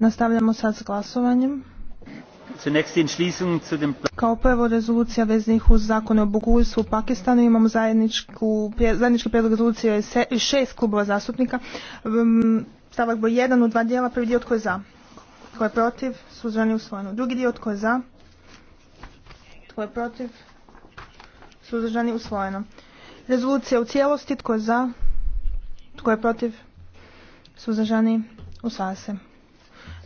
Nastavljamo sad s glasovanjem. Kao prvo rezolucija veznih uz zakone o bogulstvu u Pakistanu imamo zajedničku, zajednički prijedlog rezolucije šest klubova zastupnika. Stavak broj jedan u dva dijela, prvi dio tko je za, tko je protiv, suzdržani usvojeno. Drugi dio tko je za, tko je protiv, suzdržani usvojeno. Rezolucija u cijelosti, tko je za, tko je protiv, Suzdržani? Usvaja se.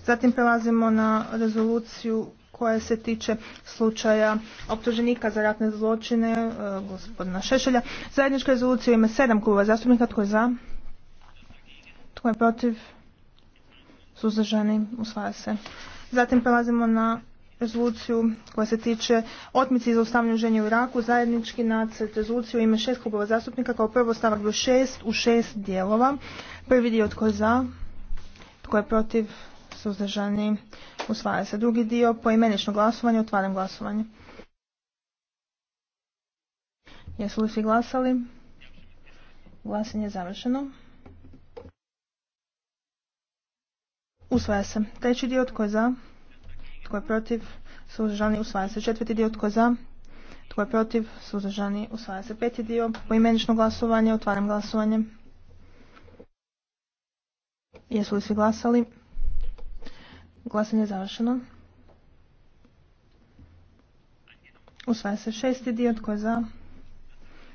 Zatim prelazimo na rezoluciju koja se tiče slučaja optuženika za ratne zločine e, gospodina Šešelja. Zajednička rezolucija ima sedam kluba zastupnika. Tko je za? Tko je protiv? Suzdržani? Usvaja se. Zatim prelazimo na rezoluciju koja se tiče otmici za ustavljanje ženje u Iraku, zajednički nacrt rezoluciju ime šest klubova zastupnika kao prvo stavak do šest u šest dijelova. Prvi dio tko je za, tko je protiv, suzdržani, usvaja se. Drugi dio poimenično glasovanje, otvaram glasovanje. Jesu li svi glasali? Glasanje je završeno. Usvaja se. Treći dio tko je za? Tko je protiv? Suzdržani usvaja se. Četvrti dio. Tko je za? Tko je protiv? Suzdržani usvaja se. Peti dio. Poimenično glasovanje. Otvaram glasovanje. Jesu li svi glasali? Glasanje je završeno. Usvaja se šesti dio. Tko je za?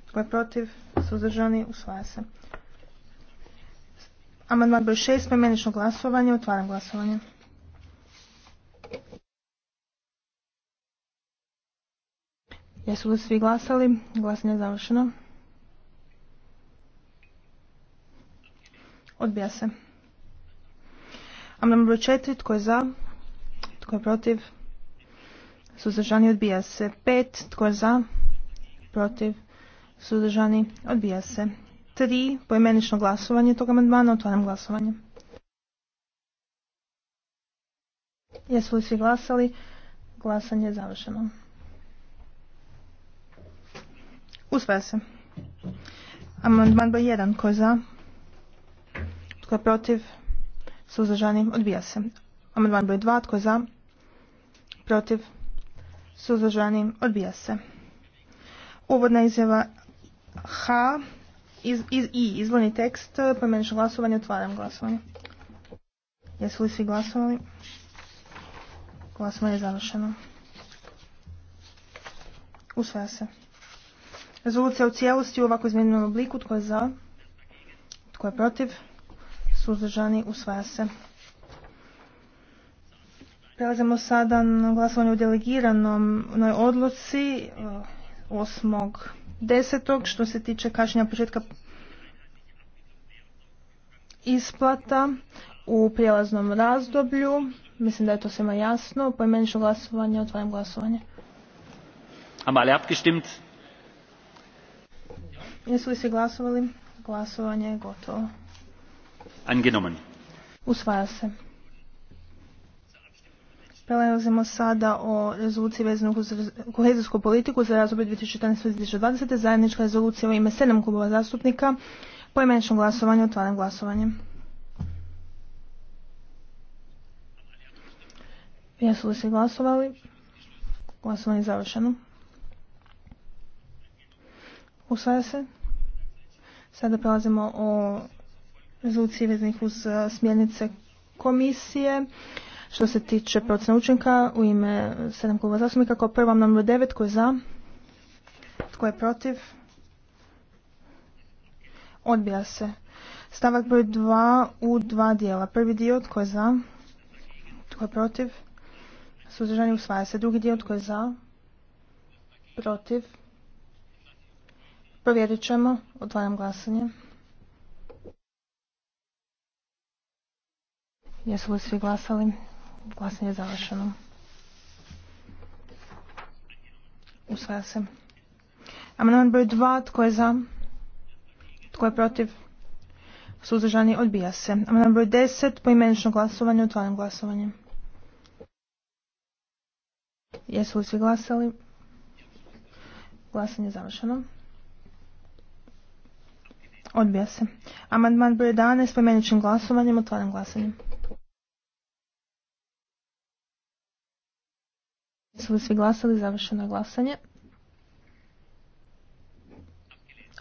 Tko je protiv? Suzdržani? Usvaja se. Amandman broj šest. Poimenično glasovanje. Otvaram glasovanje. Jesu li svi glasali? Glasanje je završeno. Odbija se. Amandman broj četiri. Tko je za? Tko je protiv? Suzdržani odbija se. Pet Tko je za? Protiv? Suzdržani odbija se. Tri Poimenično glasovanje tog amandmana. Otvaram glasovanje. Jesu li svi glasali? Glasanje je završeno. Usvaja se. Amandman broj 1. Ko je za? Tko je protiv? Suzdržani? Odbija se. Amandman broj 2. Tko je za? Protiv? Suzdržani? Odbija se. Uvodna izjava H iz, i izvorni tekst pojmenično glasovanje. Otvaram glasovanje. Jesu li svi glasovali? Glasovanje je završeno. Usvaja se. Rezolucija u cijelosti u ovako izmjenjenom obliku. Tko je za? Tko je protiv? Suzdržani usvaja se. Prelazimo sada na glasovanje u delegiranom odluci 8.10. Eh, što se tiče kašnjenja početka isplata u prijelaznom razdoblju. Mislim da je to svima jasno. Pojmenično glasovanje, otvaram glasovanje. Jesu li svi glasovali? Glasovanje je gotovo. Angenomen. Usvaja se. Prelazimo sada o rezoluciji vezanu uz kohezijsku politiku za razdoblje 2014-2020. Zajednička rezolucija u ime sedam klubova zastupnika. Poimenično glasovanje, otvaram glasovanje. Jesu li se glasovali? Glasovanje je završeno. Usvaja se. Sada prelazimo o rezoluciji vezanih uz e, smjernice komisije. Što se tiče procena učinka u ime sedam kluba zastupnika, kao prva namre devet tko je za, tko je protiv, odbija se. Stavak broj dva u dva dijela. Prvi dio, tko je za, tko je protiv, suzdržani usvaja se. Drugi dio, tko je za, protiv, Provjerit ćemo. Otvaram glasanje. Jesu li svi glasali? Glasanje je završeno. Usvaja se. Amandman broj dva. Tko je za? Tko je protiv? Suzdržani odbija se. Amandman broj 10. Poimenično glasovanje. Otvaram glasovanje. Jesu li svi glasali? Glasanje je završeno. Odbija se. Amandman broj 11 pomeničnim glasovanjem. Otvaram glasanje. Su li svi glasali? Završeno glasanje.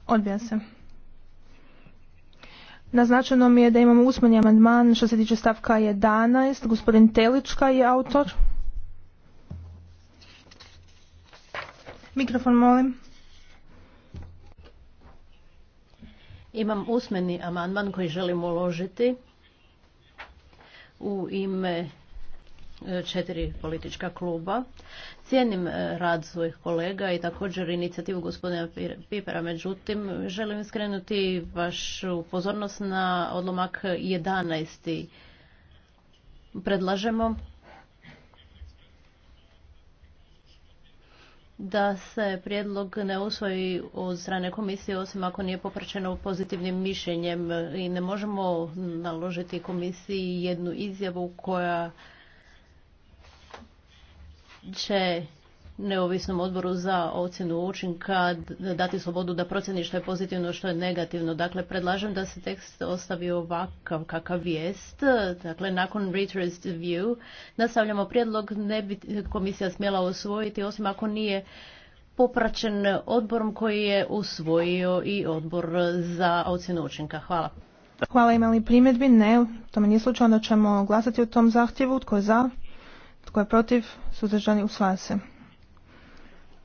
Odbija se. Naznačeno mi je da imamo usmeni amandman što se tiče stavka 11. Gospodin Telička je autor. Mikrofon molim. Imam usmeni amandman koji želim uložiti u ime e, četiri politička kluba. Cijenim e, rad svojih kolega i također inicijativu gospodina Pipera. Međutim, želim skrenuti vašu pozornost na odlomak 11. Predlažemo da se prijedlog ne usvoji od strane komisije osim ako nije popraćeno pozitivnim mišljenjem i ne možemo naložiti komisiji jednu izjavu koja će neovisnom odboru za ocjenu učinka dati slobodu da procjeni što je pozitivno, što je negativno. Dakle, predlažem da se tekst ostavi ovakav kakav jest. Dakle, nakon Reuters view nastavljamo prijedlog, ne bi komisija smjela usvojiti osim ako nije popraćen odborom koji je usvojio i odbor za ocjenu učinka. Hvala. Hvala, imali primjedbi? Ne, to mi nije slučajno. ćemo glasati o tom zahtjevu. Tko je za? Tko je protiv? Suzdržani usvaja se.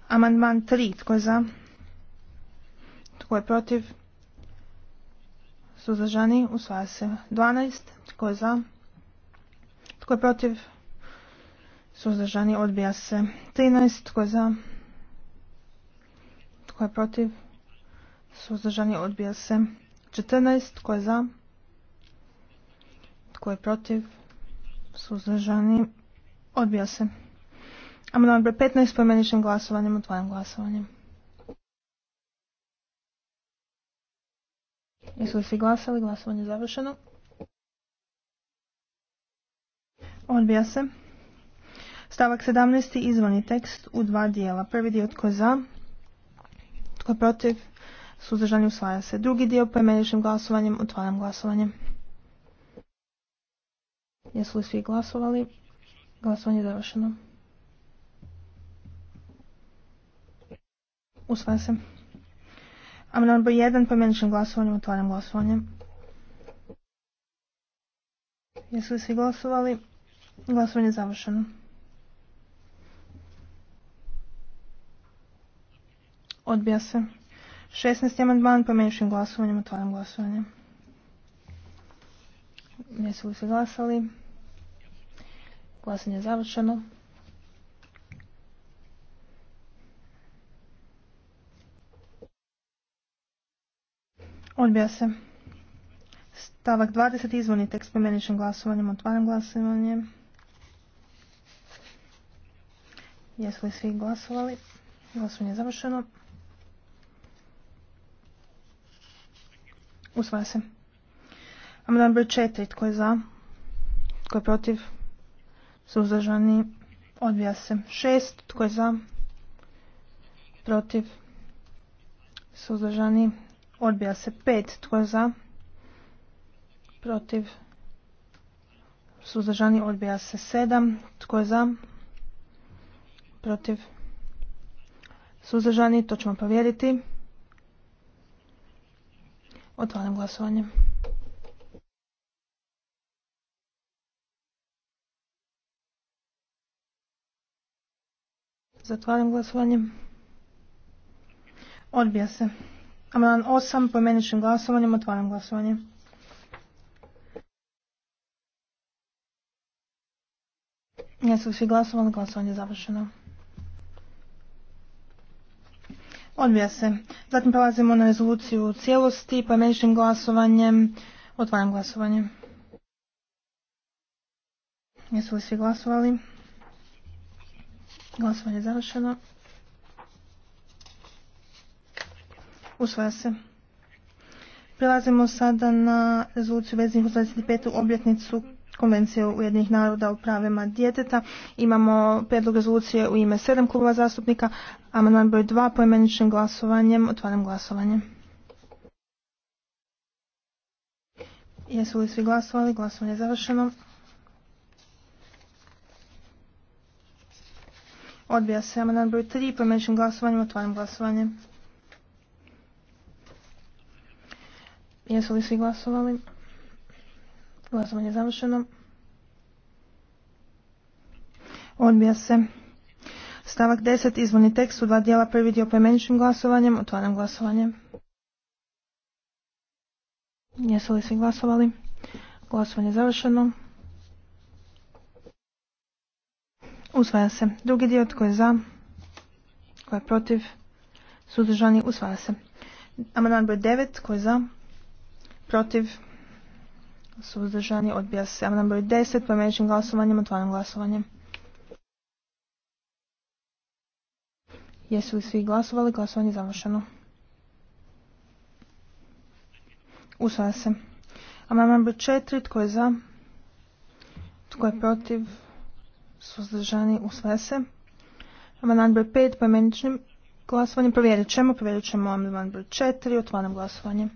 Amandman 3. Tko je za? Tko je protiv? Suzdržani? Usvaja se. 12. Tko je za? Tko je protiv? Suzdržani? Odbija se. 13. Tko je za? Tko je protiv? Suzdržani? Odbija se. 14. Tko je za? Tko je protiv? Suzdržani? Odbija se. Amandman broj 15 pojmeničnim glasovanjem, otvaram glasovanje. Jesu li svi glasali? Glasovanje je završeno. Odbija se. Stavak 17. Izvani tekst u dva dijela. Prvi dio tko je za, tko je protiv, suzdržanje usvaja se. Drugi dio pojmeničnim glasovanjem otvaram glasovanje. Jesu li svi glasovali? Glasovanje je završeno. Usvaja se. Amandman broj 1, meničnim glasovanjem, otvaram glasovanje. Jesu li svi glasovali? Glasovanje je završeno. Odbija se. 16. amandman, meničnim glasovanjem, otvaram glasovanje. Jesu li svi glasali? Glasovanje je završeno. Odbija se. Stavak 20. Izvorni tekst pomeničnim glasovanjem. Otvaram glasovanje. Jesu li svi glasovali? Glasovanje je završeno. Usvaja se. Amandman broj 4. Tko je za? Tko je protiv? Suzdržani. Odbija se. 6. Tko je za? Protiv? Suzdržani. Odbija se 5. Tko je za? Protiv? Suzdržani? Odbija se 7. Tko je za? Protiv? Suzdržani? To ćemo povjeriti. Otvaram glasovanje. Zatvaram glasovanje. Odbija se. Amandman 8, pojmeničnim glasovanjem, otvaram glasovanje. Jesu svi glasovali, glasovanje je završeno. Odbija se. Zatim prelazimo na rezoluciju u cijelosti, pojmeničnim glasovanjem, otvaram glasovanje. Jesu li svi glasovali? Glasovanje je završeno. Usvaja se. Prelazimo sada na rezoluciju veznih uz 25. obljetnicu Konvencije Ujednih naroda o pravima djeteta. Imamo predlog rezolucije u ime sedam klubova zastupnika. Amandman broj 2 poimeničnim glasovanjem. Otvaram glasovanje. Jesu li svi glasovali? Glasovanje je završeno. Odbija se amandman broj 3 poimeničnim glasovanjem. Otvaram glasovanje. Jesu li svi glasovali? Glasovanje je završeno. Odbija se. Stavak 10. Izvorni tekst u dva dijela prvi dio poimeničnim glasovanjem. Otvaram glasovanje. Jesu li svi glasovali? Glasovanje je završeno. Usvaja se. Drugi dio tko je za, tko je protiv, suzdržani, usvaja se. Amandman broj 9, tko je za, protiv, suzdržani, odbija se. Amandman broj 10, pojmeničnim glasovanjem, otvaram glasovanje. Jesu li svi glasovali? Glasovanje je završeno. Usvaja se. Amandman broj 4, tko je za? Tko je protiv? Suzdržani, usvaja se. Amandman broj 5, pojmeničnim glasovanjem, provjerit ćemo. Provjerit ćemo amandman broj 4, otvaram glasovanje.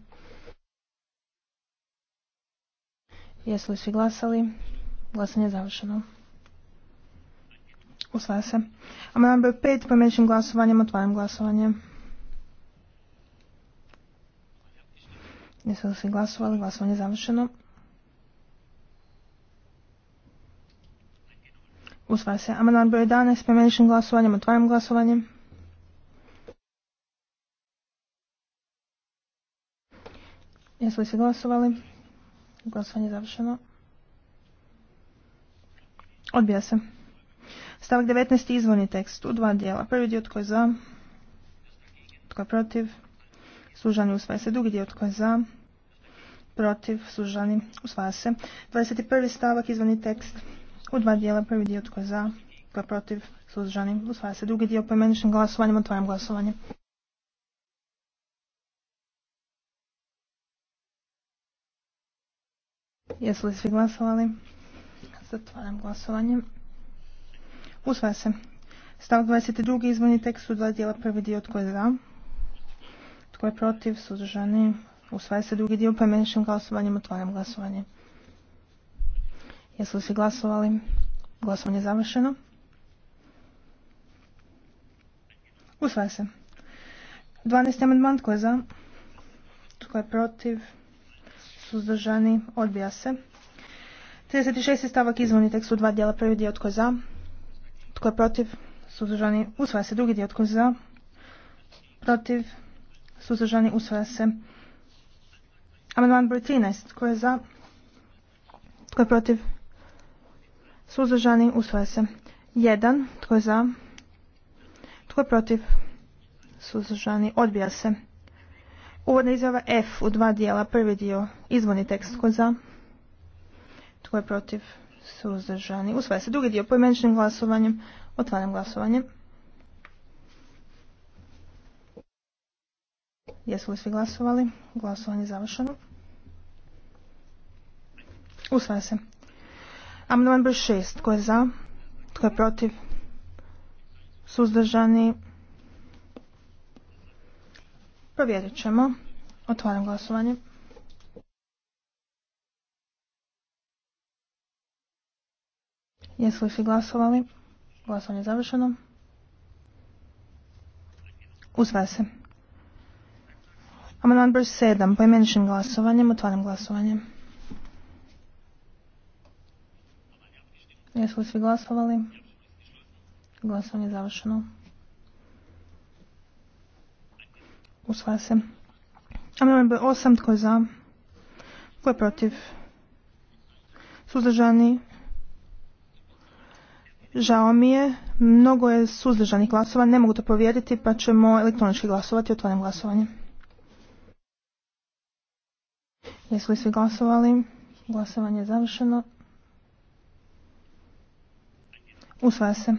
Jesu li svi glasali? Glasanje je završeno. Usvaja se. Amandman broj 5 pomeničnim glasovanjem otvaram glasovanje. Jesu li svi glasovali? Glasovanje je završeno. Usvaja se. Amandman broj 11 pomeničnim glasovanjem otvaram glasovanje. Jesu li svi glasovali? Glasovanje je završeno. Odbija se. Stavak 19. izvorni tekst u dva dijela. Prvi dio tko je za, tko je protiv, sužani usvaja se. Drugi dio tko je za, protiv, sužani usvaja se. 21. stavak izvorni tekst u dva dijela. Prvi dio tko je za, tko je protiv, sužani usvaja se. Drugi dio pojmeničnim glasovanjem otvaram glasovanje. Jesu li svi glasovali? Zatvaram glasovanje. Usvaja se. Stav 22. izvorni tekst u dva dijela. Prvi dio tko je za? Tko je protiv? Suzdržani? Usvaja se drugi dio poimeničnim glasovanjem. Otvaram glasovanje. Jesu li svi glasovali? Glasovanje je završeno. Usvaja se. 12. amandman tko je za? Tko je protiv? suzdržani, odbija se. 36. stavak izvorni tekst u dva dijela, prvi dio tko je za, tko je protiv, suzdržani, usvaja se, drugi dio tko je za, protiv, suzdržani, usvaja se. Amandman broj 13, tko je za, tko je protiv, suzdržani, usvaja se. 1, tko je za, tko je protiv, suzdržani, odbija se. Uvodna izjava F u dva dijela. Prvi dio, izvorni tekst, tko za? Tko je protiv? Suzdržani. Usvaja se drugi dio pojmeničnim glasovanjem. Otvaram glasovanje. Jesu li svi glasovali? Glasovanje je završeno. Usvaja se. Amandman broj 6. Tko je za? Tko je protiv? Suzdržani. Provjerit ćemo. Otvaram glasovanje. Jesu li svi glasovali? Glasovanje je završeno. Usvaja se. Amandman broj 7. Pojmeničnim glasovanjem. Otvaram glasovanje. Jesu li svi glasovali? Glasovanje je završeno. Usvaja se. Amandman broj 8. Tko je za? Tko je protiv? Suzdržani? Žao mi je. Mnogo je suzdržanih glasova. Ne mogu to provjeriti pa ćemo elektronički glasovati. Otvaram glasovanje. Jesu li svi glasovali? Glasovanje je završeno. Usvaja se.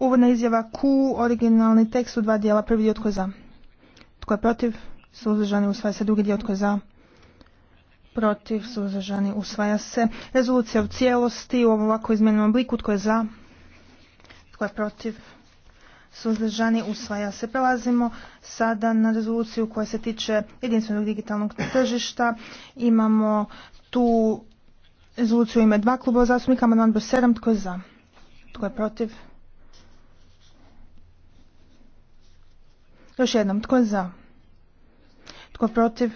Uvodna izjava Q, originalni tekst u dva dijela, prvi dio tko je za. Tko je protiv? Suzdržani usvaja se. Drugi dio tko je za. Protiv, suzdržani, usvaja se. Rezolucija u cijelosti u ovom ovako izmijenjenom obliku. Tko je za? Tko je protiv? Suzdržani, usvaja se. Prelazimo sada na rezoluciju koja se tiče jedinstvenog digitalnog tržišta. Imamo tu rezoluciju u ime dva kluba zastupnika. Amandman broj 7. Tko je za? Tko je protiv? Još jednom, tko je za? Tko je protiv?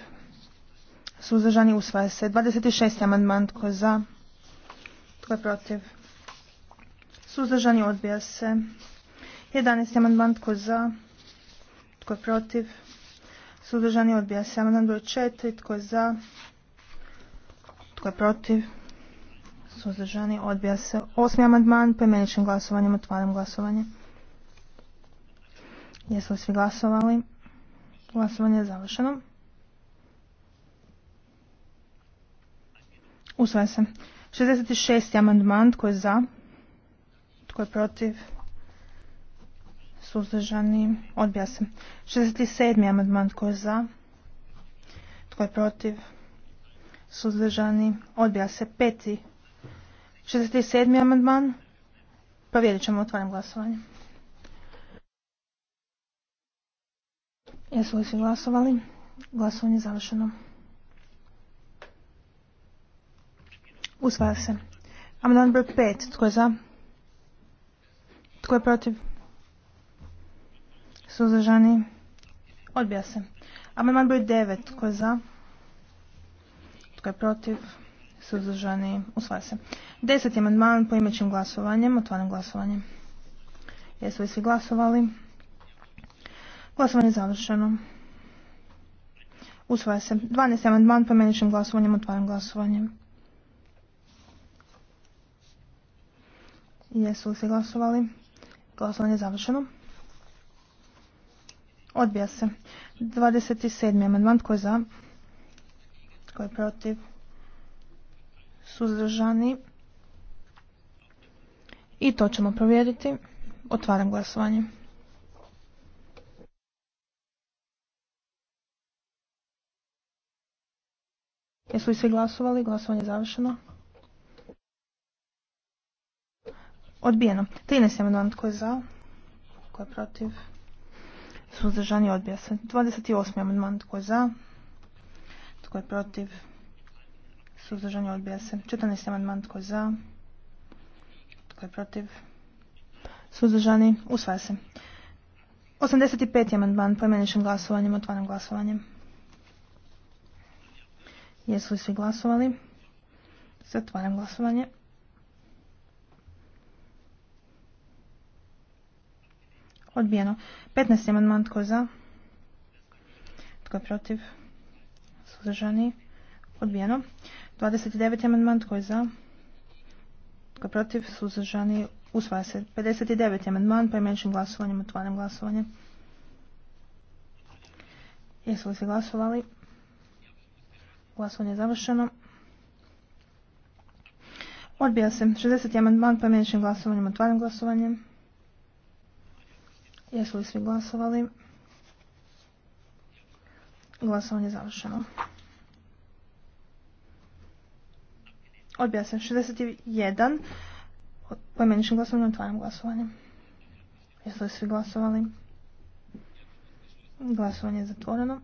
Suzdržani usvaja se. 26. amandman, tko je za? Tko je protiv? Suzdržani odbija se. 11. amandman, tko je za? Tko je protiv? Suzdržani odbija se. Amandman broj 4, tko je za? Tko je protiv? Suzdržani odbija se. 8. amandman, poimeničnim glasovanjem otvaram glasovanje. Jesu li svi glasovali? Glasovanje je završeno. Usvaja se. 66. amandman. Tko je za? Tko je protiv? Suzdržani. Odbija se. 67. amandman. Tko je za? Tko je protiv? Suzdržani. Odbija se. Peti. 67. amandman. Provjerit ćemo. Otvaram glasovanje. Jesu li svi glasovali? Glasovanje je završeno. Usvaja se. Amandman broj 5. Tko je za? Tko je protiv? Suzdržani? Odbija se. Amandman broj 9. Tko je za? Tko je protiv? Suzdržani? Usvaja se. je amandman po imećim glasovanjem. Otvaram glasovanje. Jesu li svi glasovali? Glasovanje je završeno. Usvaja se. 12. amandman pomeničnim glasovanjem. Otvaram glasovanje. Jesu li se glasovali? Glasovanje je završeno. Odbija se. 27. amandman. Tko je za? Tko je protiv? Suzdržani? I to ćemo provjeriti. Otvaram glasovanje. Jesu li svi glasovali? Glasovanje je završeno. Odbijeno. 13. amandman tko je za? Tko je protiv? Suzdržani odbija se. 28. amandman tko je za? Tko je protiv? Suzdržani odbija se. 14. amandman tko je za? Tko je protiv? Suzdržani usvaja se. 85. amandman pojmeničnim glasovanjem, otvaram glasovanjem. Jesu li svi glasovali? Zatvaram glasovanje. Odbijeno. 15. amandman tko je za? Tko je protiv? Suzdržani? Odbijeno. 29. amandman tko je za? Tko je protiv? Suzdržani? Usvaja se. 59. amandman menšim glasovanjem. Otvaram glasovanje. Jesu li se glasovali? Glasovanje je završeno. Odbija se. 60. amandman pojmeničnim glasovanjem. Otvaram glasovanje. Jesu li svi glasovali? Glasovanje je završeno. Odbija se. 61. Pojmeničnim glasovanjem. Otvaram glasovanje. Jesu li svi glasovali? Glasovanje je zatvoreno.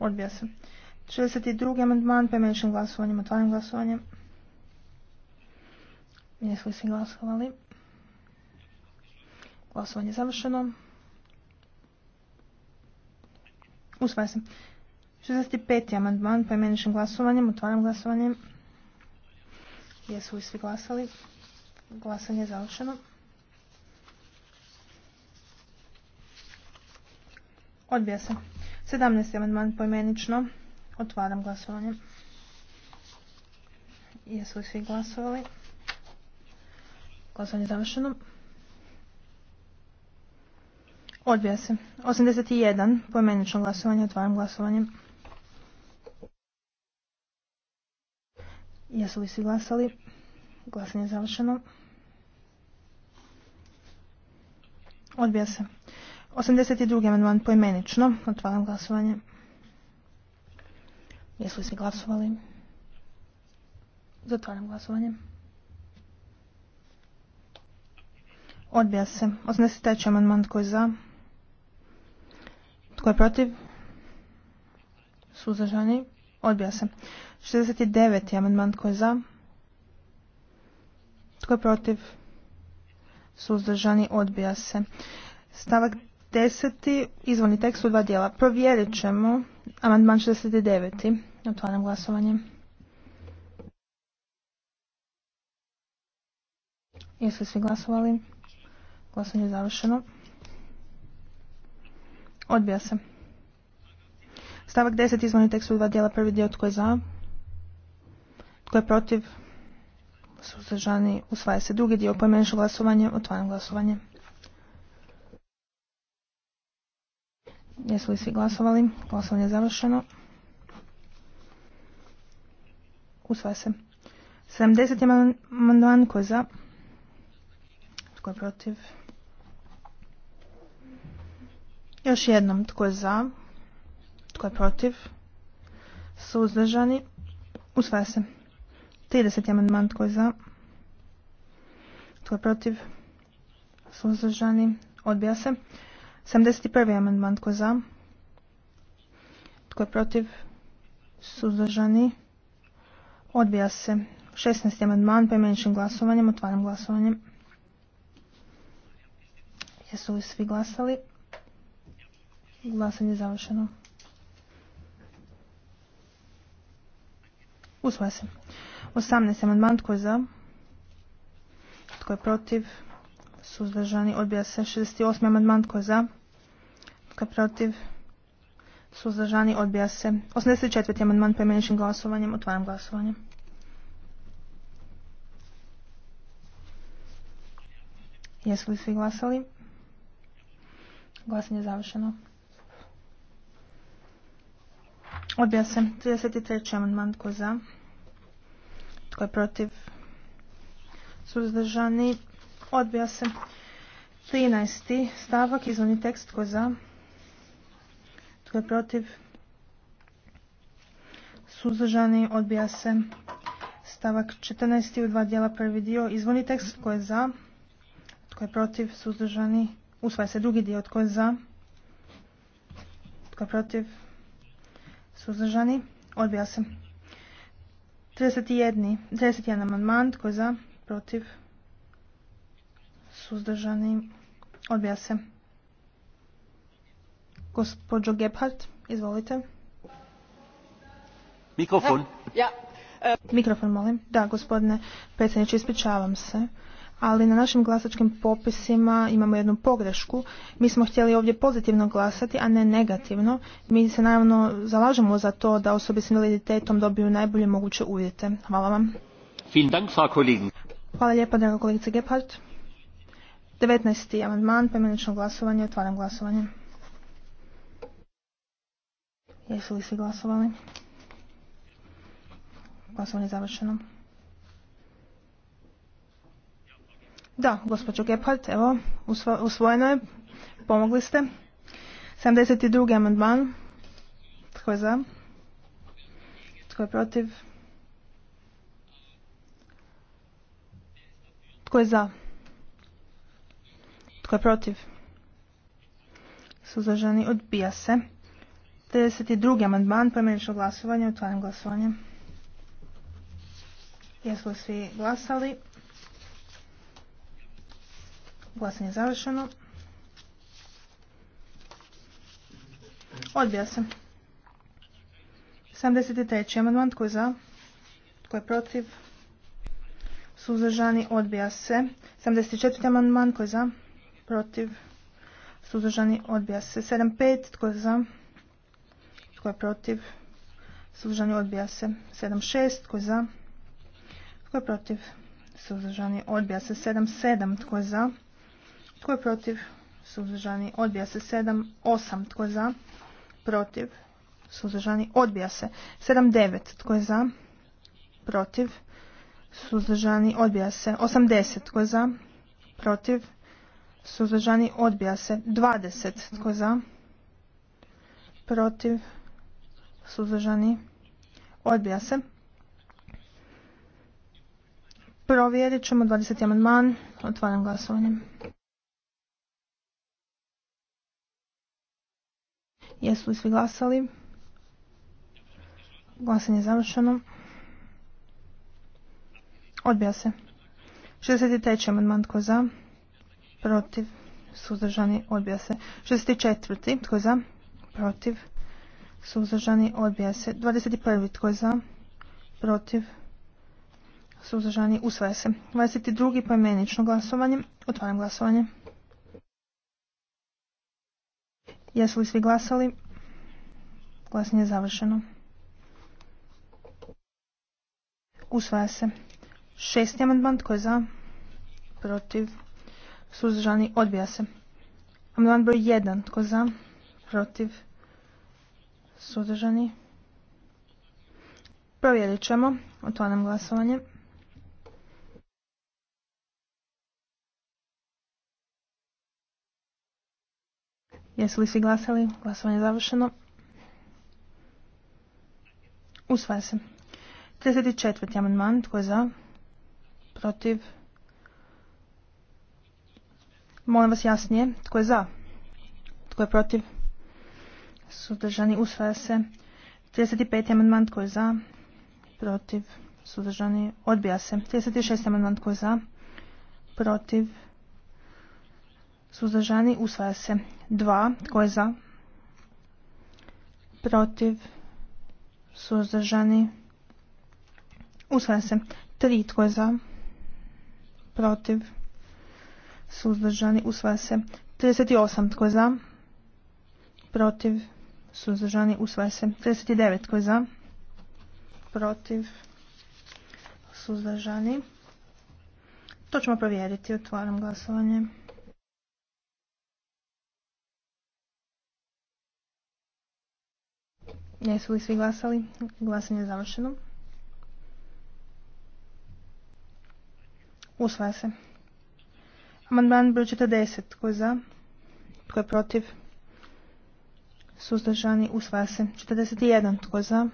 Odbija se. 62. amandman, pojmeničnim glasovanjem, otvaram glasovanje. Jesu li svi glasovali? Glasovanje je završeno. Usvaja se. 65. amandman, pojmeničnim glasovanjem, otvaram glasovanjem Jesu li svi glasali? Glasanje je završeno. Odbija se. 17. amandman poimenično. Otvaram glasovanje. Jesu li svi glasovali? Glasovanje je završeno. Odbija se. 81. pojmenično glasovanje. Otvaram glasovanje. Jesu li svi glasali? Glasanje je završeno. Odbija se. 82. amandman poimenično. Otvaram glasovanje. Jesu li svi glasovali? Zatvaram glasovanje. Odbija se. 83. amandman tko je za? Tko je protiv? Suzdržani. Odbija se. 69. amandman tko je za? Tko je protiv? Suzdržani. Odbija se. Stavak deseti izvorni tekst u dva dijela. Provjerit ćemo amandman 69. Otvaram glasovanje. Jesu svi glasovali? Glasanje je završeno. Odbija se. Stavak 10. izvorni tekst u dva dijela. Prvi dio tko je za? Tko je protiv? Suzdržani usvaja se. Drugi dio pojmenično glasovanje. Otvaram glasovanje. Jesu li svi glasovali? Glasovanje je završeno. Usvaja se. 70. amandman tko je za? Tko je protiv? Još jednom, tko je za? Tko je protiv? Suzdržani? Usvaja se. 30. amandman tko je za? Tko je protiv? Suzdržani? Odbija se. 71. amandman tko za? Tko je protiv? Suzdržani? Odbija se. 16. amandman poimeničnim glasovanjem. Otvaram glasovanje. Jesu li svi glasali? Glasanje je završeno. Usvaja se. 18. amandman tko je za? Tko je protiv? Suzdržani? Odbija se. 68. amandman tko je za? Tko protiv? Suzdržani odbija se. 84. amandman pojmeničnim glasovanjem. Otvaram glasovanje. Jesu li svi glasali? Glasanje je završeno. Odbija se. 33. amandman. Tko je za? Tko je protiv? Suzdržani. Odbija se. 13. stavak. Izvani tekst. Tko je za? Tko je protiv? Suzdržani odbija se stavak 14. u dva dijela prvi dio. Izvoni tekst tko je za? Tko je protiv? Suzdržani. Usvaja se drugi dio. Tko je za? Tko je protiv? Suzdržani. Odbija se. 31. 31 amandman. Tko je za? Protiv? Suzdržani. Odbija se. Gospođo Gebhardt, izvolite. Mikrofon. E, Mikrofon, molim. Da, gospodine predsjedniče, ispričavam se. Ali na našim glasačkim popisima imamo jednu pogrešku. Mi smo htjeli ovdje pozitivno glasati, a ne negativno. Mi se naravno zalažemo za to da osobe s invaliditetom dobiju najbolje moguće uvjete. Hvala vam. Hvala lijepa, draga kolegice Gebhardt. 19. amandman, poimenično glasovanje, otvaram glasovanje. Jesu li svi glasovali? Glasovanje je završeno. Da, gospođo Gebhardt, evo, usvojeno je. Pomogli ste. 72. amandman. Tko je za? Tko je protiv? Tko je za? Tko je protiv? Suzdržani odbija se. 32. amandman pojmenično glasovanje. Otvaram glasovanje. Jesu li svi glasali? Glasanje je završeno. Odbija se. 73. amandman. Tko je za? Tko je protiv? Suzdržani odbija se. 74. amandman. Tko je za? Protiv? Suzdržani odbija se. 75. Tko je za? Tko je protiv? Suzdržani odbija se. 7-6. Tko je za? Tko je protiv? Suzdržani odbija se. 7-7. Tko je za? Tko je protiv? Suzdržani odbija se. 7-8. Tko je za? Protiv? Suzdržani odbija se. 7-9. Tko je za? Protiv? Suzdržani odbija se. 80. Tko je za? Protiv? Suzdržani odbija se. 20. Tko je za? Protiv? suzdržani, odbija se. Provjerit ćemo 20. amandman, otvaram glasovanje. Jesu li svi glasali? Glasanje je završeno. Odbija se. 63. amandman tko je za? Protiv. Suzdržani. Odbija se. 64. tko je za? Protiv. Suzdržani odbija se. 21. Tko je za? Protiv? Suzdržani usvaja se. 22. Pojmenično glasovanje. Otvaram glasovanje. Jesu li svi glasali? Glasanje je završeno. Usvaja se. šest amandman. Tko je za? Protiv? Suzdržani odbija se. Amandman broj 1. Tko je za? Protiv? Suzdržani? Provjerit ćemo. Otvaram glasovanje. Jesu li svi glasali? Glasovanje je završeno. Usvaja se. 34. amandman. Tko je za? Protiv? Molim vas jasnije. Tko je za? Tko je protiv? suzdržani, usvaja se. 35. amandman tko je za, protiv, suzdržani, odbija se. 36. amandman tko je za, protiv, suzdržani, usvaja se. 2. Tko je za, protiv, suzdržani, usvaja se. 3. Tko je za, protiv, suzdržani, usvaja se. 38. Tko je za, protiv, suzdržani, usvaja se. 39 tko je za, protiv, suzdržani. To ćemo provjeriti, otvaram glasovanje. Jesu li svi glasali? Glasanje je završeno. Usvaja se. Amandman broj 40. Tko je za? Tko je protiv? suzdržani, usvaja se. 41. Tko za?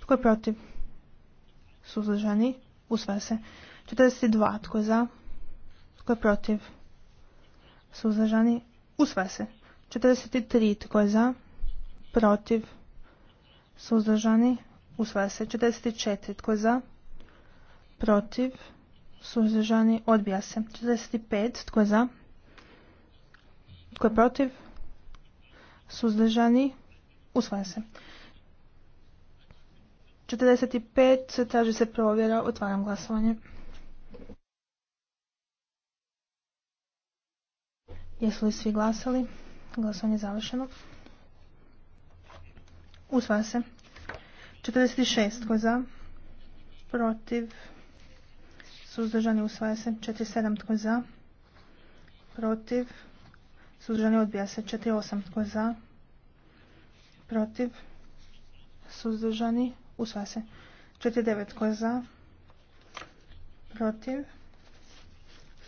Tko je protiv? Suzdržani, usvaja se. 42. Tko za? Tko je protiv? Suzdržani, usvaja se. 43. Tko je za? Protiv? Suzdržani, usvaja se. 44. Tko je za? Protiv? Suzdržani, odbija se. 45. Tko je za? Tko je protiv? suzdržani, usvaja se. 45 traži se provjera, otvaram glasovanje. Jesu li svi glasali? Glasovanje je završeno. Usvaja se. 46 tko za, protiv, suzdržani usvaja se. 47 tko je za, protiv, Suzdržani odbija se 4.8. Tko je za? Protiv? Suzdržani? usva se. 4.9. Tko je za? Protiv?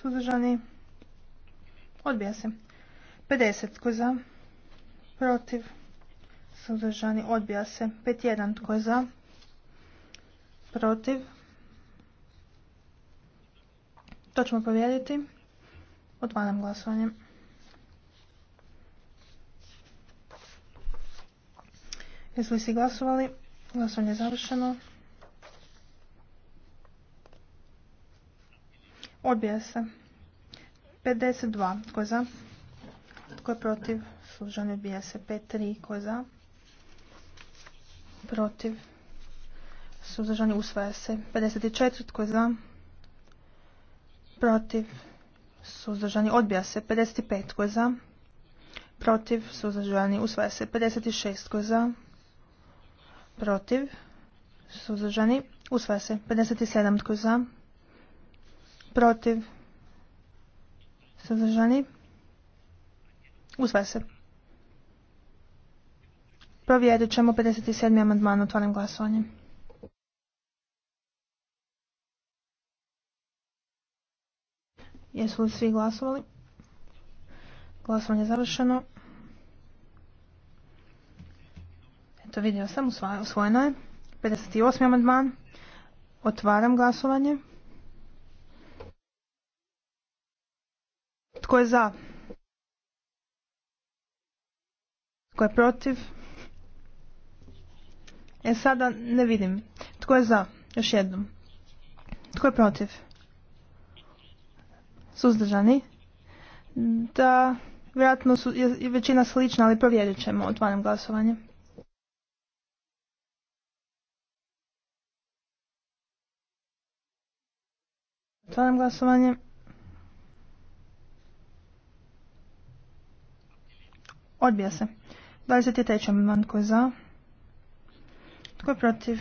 Suzdržani? Odbija se. 50. Tko je za? Protiv? Suzdržani? Odbija se. 5.1. Tko je za? Protiv? To ćemo povjeriti, Otvaram glasovanjem. Jesu li svi glasovali? Glasovanje je završeno. Odbija se. 52. Tko je za? Tko je protiv? Služan odbija se. 53. Tko je za? Protiv. Suzdržani usvaja se. 54. Tko je za? Protiv. Suzdržani odbija se. 55. Tko je za? Protiv. Suzdržani usvaja se. 56. Tko je za? protiv, suzdržani, usvaja se. 57 tko je za, protiv, suzdržani, usvaja se. Provjerit ćemo 57. amandman otvorim glasovanjem. Jesu li svi glasovali? Glasovanje je završeno. vidio sam, usvojeno je. 58. amandman. Otvaram glasovanje. Tko je za? Tko je protiv? E sada ne vidim. Tko je za? Još jednom. Tko je protiv? Suzdržani? Da, vjerojatno su, je većina slična, ali provjerit ćemo. Otvaram glasovanje. Otvaram glasovanje. Odbija se. 23. amandman tko je za? Tko je protiv?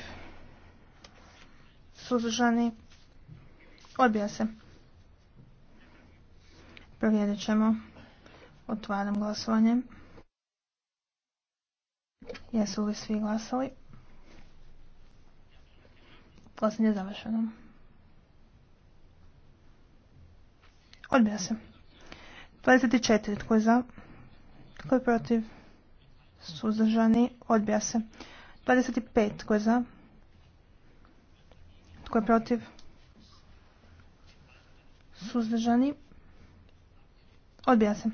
Suzdržani? Odbija se. Provjerit ćemo. Otvaram glasovanje. Jesu li svi glasali? Glasanje je završeno. Odbija se. 24. Tko je za? Tko je protiv? Suzdržani. Odbija se. 25. Tko je za? Tko je protiv? Suzdržani. Odbija se.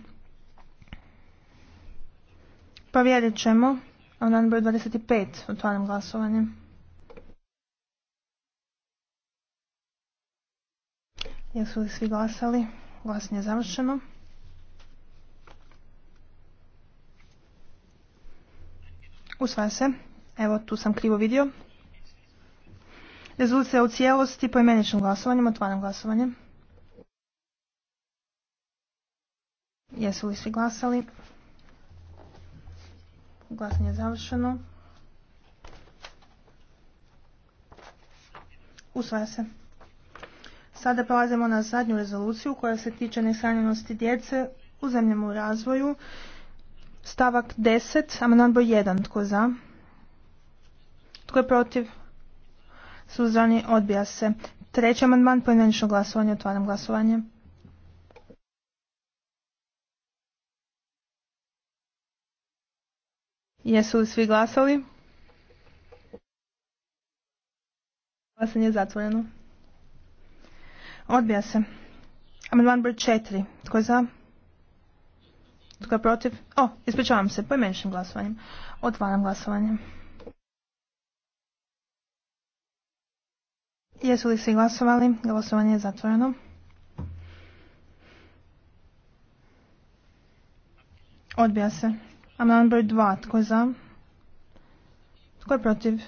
Povjerit ćemo. Amandman broj 25. Otvaram glasovanje. Jesu li svi glasali? Glasanje je završeno. Usvaja se. Evo, tu sam krivo vidio. Rezolucija u cijelosti po imeničnom glasovanjem. Otvaram glasovanje. Jesu li svi glasali? Glasanje je završeno. Usvaja se. Sada prelazimo na zadnju rezoluciju koja se tiče nesranjenosti djece u zemljemu razvoju. Stavak 10, amandman broj 1, tko za? Tko je protiv? Suzdržani odbija se. Treći amandman, pojedinačno glasovanje, otvaram glasovanje. Jesu li svi glasali? Glasanje je zatvoreno. Odbija se. Amandman broj četiri, Tko je za? Tko je protiv? O, ispričavam se, menšim glasovanjem. Otvaram glasovanje. Jesu li svi glasovali? Glasovanje je zatvoreno. Odbija se. Amandman broj dva, Tko je za? Tko je protiv?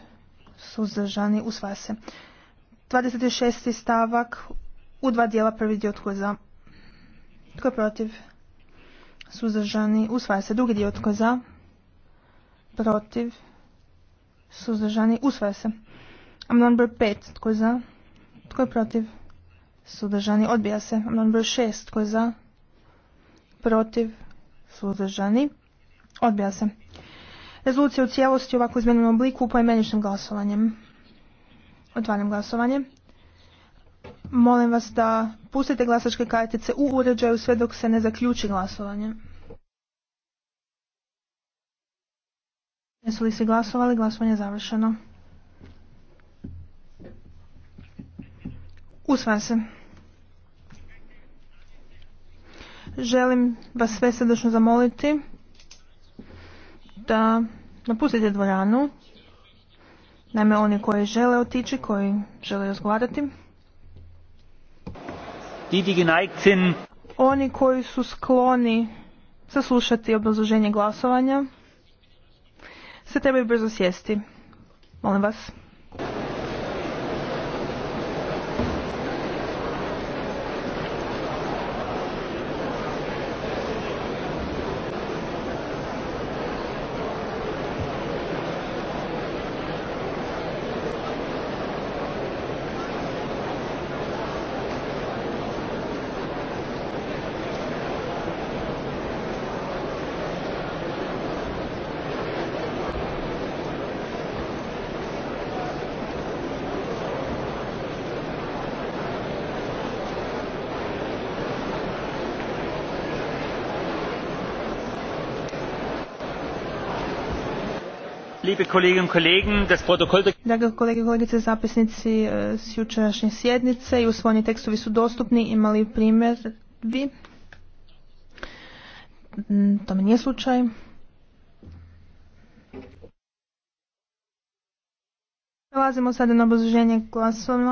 Suzdržani. Usvaja se. 26. stavak u dva dijela prvi dio tko je za, tko je protiv, suzdržani, usvaja se drugi dio tko je za, protiv, suzdržani, usvaja se. Amandman broj 5, tko je za, tko je protiv, suzdržani, odbija se. Amandman broj 6, tko je za, protiv, suzdržani, odbija se. Rezolucija u cijelosti ovako izmjenom obliku poimeničnim glasovanjem. Otvaram glasovanje. Molim vas da pustite glasačke kartice u uređaju sve dok se ne zaključi glasovanje. Jesu li svi glasovali? Glasovanje je završeno. Usvaja se. Želim vas sve srdečno zamoliti da napustite dvoranu. Naime, oni koji žele otići, koji žele razgovarati. Oni koji su skloni saslušati obrazloženje glasovanja se trebaju brzo sjesti. Molim vas. kolege i kolegice, zapisnici eh, s jučerašnje sjednice i usvojeni tekstovi su dostupni. Imali primjer vi? Mm, Tome nije slučaj. Prelazimo sada na obrazloženje glasovanja.